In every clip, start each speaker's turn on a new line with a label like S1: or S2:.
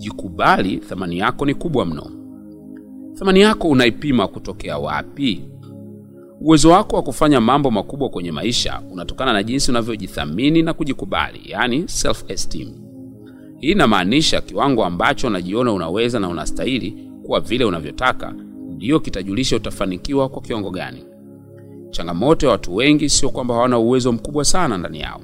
S1: Jikubali, thamani yako ni kubwa mno. Thamani yako unaipima kutokea wapi? Uwezo wako wa kufanya mambo makubwa kwenye maisha unatokana na jinsi unavyojithamini na kujikubali, yani self esteem. Hii inamaanisha kiwango ambacho unajiona unaweza na unastahili kuwa vile unavyotaka ndiyo kitajulisha utafanikiwa kwa kiwango gani. Changamoto ya watu wengi sio kwamba hawana uwezo mkubwa sana ndani yao,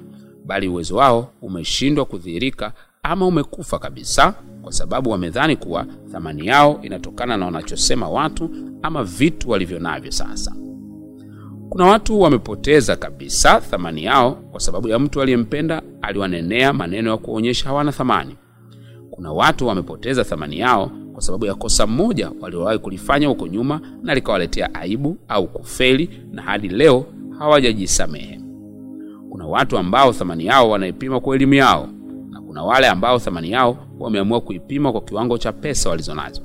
S1: bali uwezo wao umeshindwa kudhihirika ama umekufa kabisa kwa sababu wamedhani kuwa thamani yao inatokana na wanachosema watu ama vitu walivyo navyo sasa. Kuna watu wamepoteza kabisa thamani yao kwa sababu ya mtu aliyempenda aliwanenea maneno ya kuonyesha hawana thamani. Kuna watu wamepoteza thamani yao kwa sababu ya kosa mmoja waliowahi kulifanya huko nyuma na likawaletea aibu au kufeli, na hadi leo hawajajisamehe. Kuna watu ambao thamani yao wanaipima kwa elimu yao, na kuna wale ambao thamani yao wameamua kuipima kwa kiwango cha pesa walizonazo.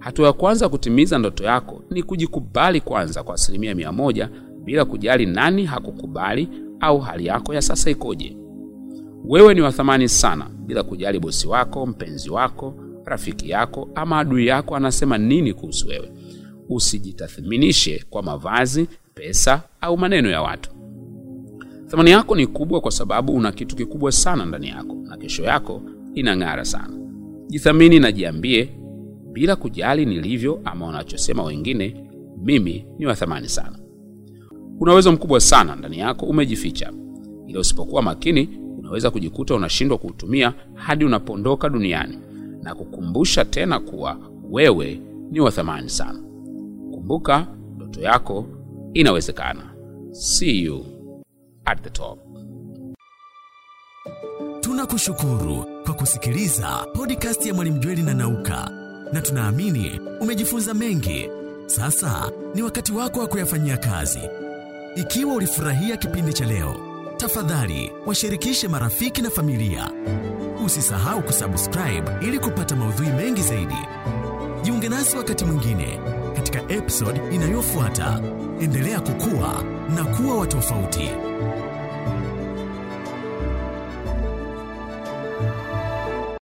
S1: Hatua ya kwanza kutimiza ndoto yako ni kujikubali kwanza kwa asilimia miamoja moja bila kujali nani hakukubali au hali yako ya sasa ikoje. Wewe ni wa thamani sana, bila kujali bosi wako, mpenzi wako, rafiki yako ama adui yako anasema nini kuhusu wewe. Usijitathminishe kwa mavazi, pesa au maneno ya watu. Thamani yako ni kubwa kwa sababu una kitu kikubwa sana ndani yako, na kesho yako inang'ara sana. Jithamini na jiambie, bila kujali nilivyo ama wanachosema wengine, mimi ni wathamani sana. Kuna uwezo mkubwa sana ndani yako umejificha, ila usipokuwa makini unaweza kujikuta unashindwa kuutumia hadi unapondoka duniani na kukumbusha tena kuwa wewe ni wathamani sana. Kumbuka, ndoto yako inawezekana. See you at the top.
S2: Tunakushukuru kusikiliza podcast ya Mwalimu Jweli na Nauka, na tunaamini umejifunza mengi. Sasa ni wakati wako wa kuyafanyia kazi. Ikiwa ulifurahia kipindi cha leo, tafadhali washirikishe marafiki na familia. Usisahau kusubscribe ili kupata maudhui mengi zaidi. Jiunge nasi wakati mwingine katika episode inayofuata. Endelea kukua na kuwa wa tofauti.